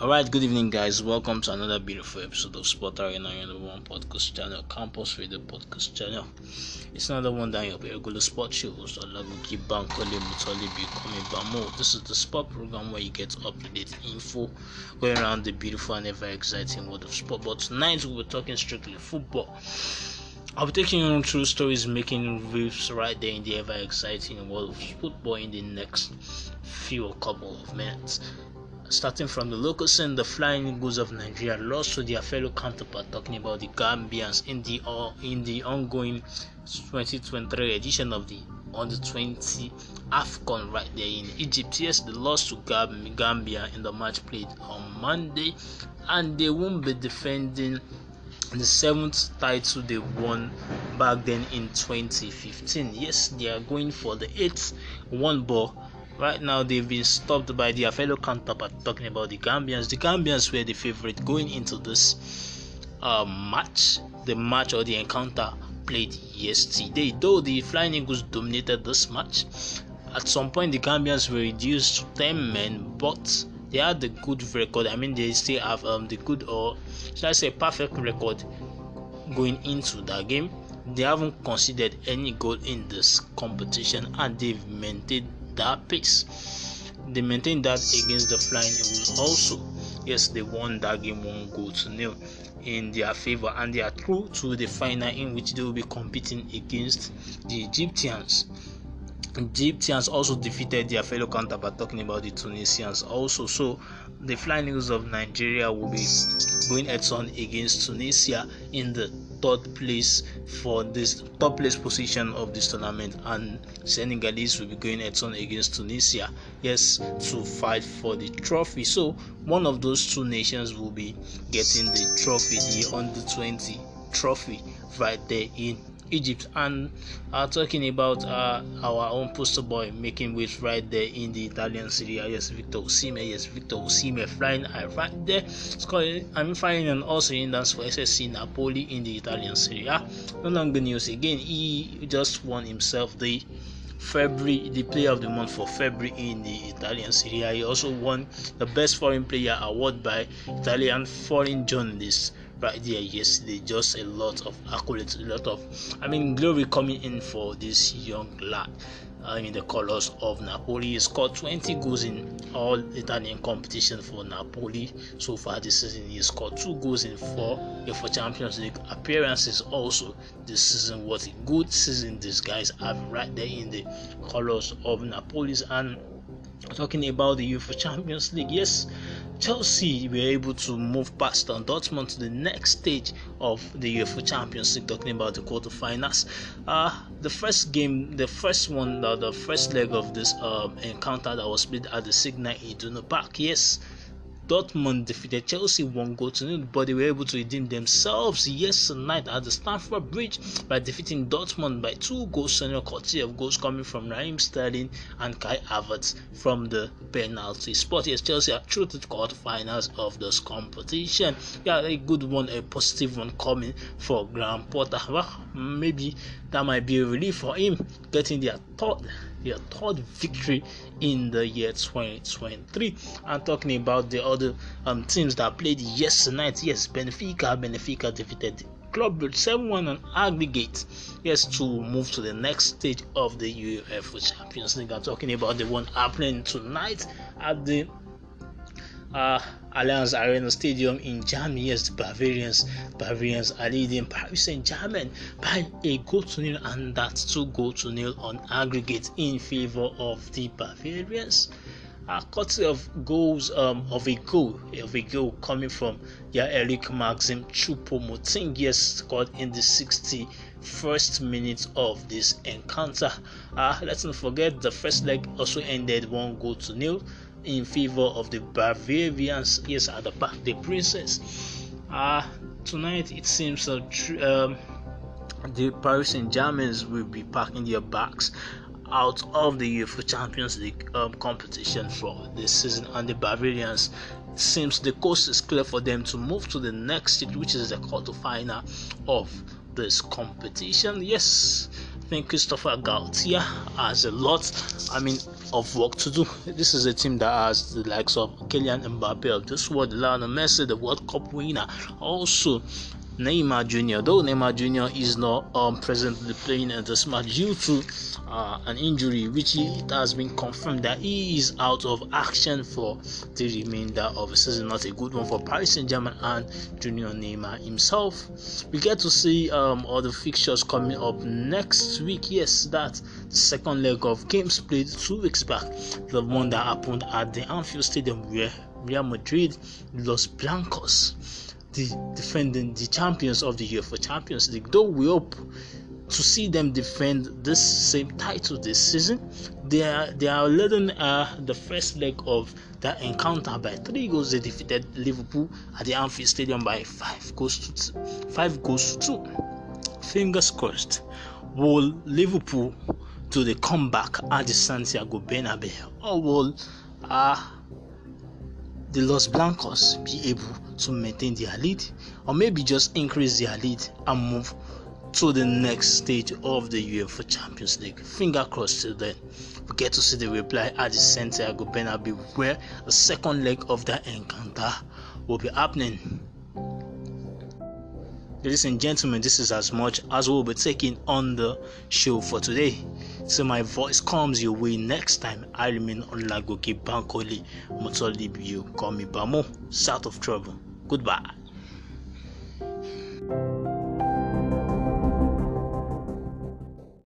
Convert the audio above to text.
Alright, good evening, guys. Welcome to another beautiful episode of Spot Arena, your number one podcast channel, Campus Radio Podcast Channel. It's another one that your regular sport shows, Olaguki Bankole Mutoli Bikome Bamo. This is the sport program where you get up to date info going around the beautiful and ever exciting world of sport. But tonight we'll be talking strictly football. I'll be taking you true stories making waves right there in the ever exciting world of football in the next few couple of minutes starting from the local scene, the flying eagles of Nigeria, lost to their fellow counterpart, talking about the Gambians in the uh, in the ongoing 2023 edition of the under 20 AFCON right there in Egypt. Yes, they lost to Gambia in the match played on Monday, and they won't be defending the seventh title they won back then in 2015. Yes, they are going for the eighth one ball Right now, they've been stopped by their fellow counterpart talking about the Gambians. The Gambians were the favorite going into this uh, match, the match or the encounter played yesterday. Though the Flying Eagles dominated this match, at some point the Gambians were reduced to 10 men, but they had the good record. I mean, they still have um, the good or should I say perfect record going into that game. They haven't conceded any goal in this competition and they've maintained that pace. They maintained that against the Flying Eagles also. Yes, they won that game one goal to nil in their favor and they are through to the final in which they will be competing against the Egyptians. Egyptians also defeated their fellow counterpart talking about the Tunisians also. So the Flying Eagles of Nigeria will be going head on against Tunisia in the third place for this top place position of this tournament and Senegalese will be going head on against Tunisia yes to fight for the trophy so one of those two nations will be getting the trophy the under 20 trophy right there in Egypt and uh, talking about uh, our own poster boy making waves right there in the Italian Serie ah, Yes, Victor Osimhen. Yes, Victor Osimhen flying uh, right there. Scoring, I'm flying and also in dance for SSC Napoli in the Italian Serie A. Ah, no longer news again. He just won himself the February, the player of the month for February in the Italian Serie A. Ah, he also won the Best Foreign Player award by Italian Foreign Journalists right there yesterday. Just a lot of accolades, a lot of, I mean, glory coming in for this young lad. I mean, the colors of Napoli. He scored 20 goals in all Italian competition for Napoli so far this season. He scored two goals in four for Champions League appearances. Also, this season was a good season. These guys have right there in the colors of Napoli. And talking about the UEFA Champions League, yes, Chelsea were able to move past on Dortmund to the next stage of the UEFA Champions League, talking about the quarterfinals. Uh, the first game, the first one, uh, the first leg of this uh, encounter that was played at the Signal Iduna Park. Yes, Dortmund defeated Chelsea one goal to nil, but they were able to redeem themselves yesterday at the Stamford Bridge by defeating Dortmund by two goals to nil, courtesy of goals coming from Raheem Sterling and Kai Havertz from the penalty spot. Yes, Chelsea are through to the quarterfinals of this competition. Yeah, a good one, a positive one coming for Graham Potter. Well, maybe that might be a relief for him getting their third their third victory in the year 2023. I'm talking about the other um, teams that played yesterday night. Yes, Benfica, Benfica defeated Club Brugge 7-1 on aggregate. Yes, to move to the next stage of the UEFA Champions League. I'm talking about the one happening tonight at the uh, Allianz Arena Stadium in Germany. Yes, the Bavarians, Bavarians are leading Paris Saint-Germain by a goal to nil, and that's two goal to nil on aggregate in favor of the Bavarians. A courtesy of goals um, of a goal of a goal coming from yeah Eric Maxim Choupo-Moting yes scored in the 61st first minute of this encounter. Uh, let's not forget the first leg also ended one goal to nil in favor of the Bavarians. Yes, at the back, the princess. Ah, uh, tonight it seems so. Um, the Paris Saint Germans will be packing their bags out of the UEFA Champions League um, competition for this season, and the Bavarians seems the coast is clear for them to move to the next stage, which is the quarterfinal of this competition. Yes, think Christopher Galtier has a lot, I mean, of work to do. This is a team that has the likes of Kylian Mbappe of this world, Lionel Messi, the World Cup winner, also Neymar Jr. Though Neymar Jr. is not um, presently playing at this match due to uh, an injury, which it has been confirmed that he is out of action for the remainder of the season. Not a good one for Paris Saint-Germain and Junior Neymar himself. We get to see um, all the fixtures coming up next week. Yes, that the second leg of games played two weeks back. The one that happened at the Anfield Stadium where Real Madrid Los Blancos the defending the champions of the UEFA Champions League. Though we hope to see them defend this same title this season, they are they are leading uh, the first leg of that encounter by three goals. They defeated Liverpool at the Anfield Stadium by five goals to five goals to two. Fingers crossed. Will Liverpool do the comeback at the Santiago Bernabeu or will uh, the Los Blancos be able to maintain their lead or maybe just increase their lead and move to the next stage of the UEFA Champions League. Finger crossed till then. We get to see the reply at the Santiago Bernabeu where the second leg of that encounter will be happening. Ladies and gentlemen, this is as much as we'll be taking on the show for today. Till my voice comes your way next time, I remain lagoke Bankoli, motor You call me Bamo, south of trouble. Goodbye.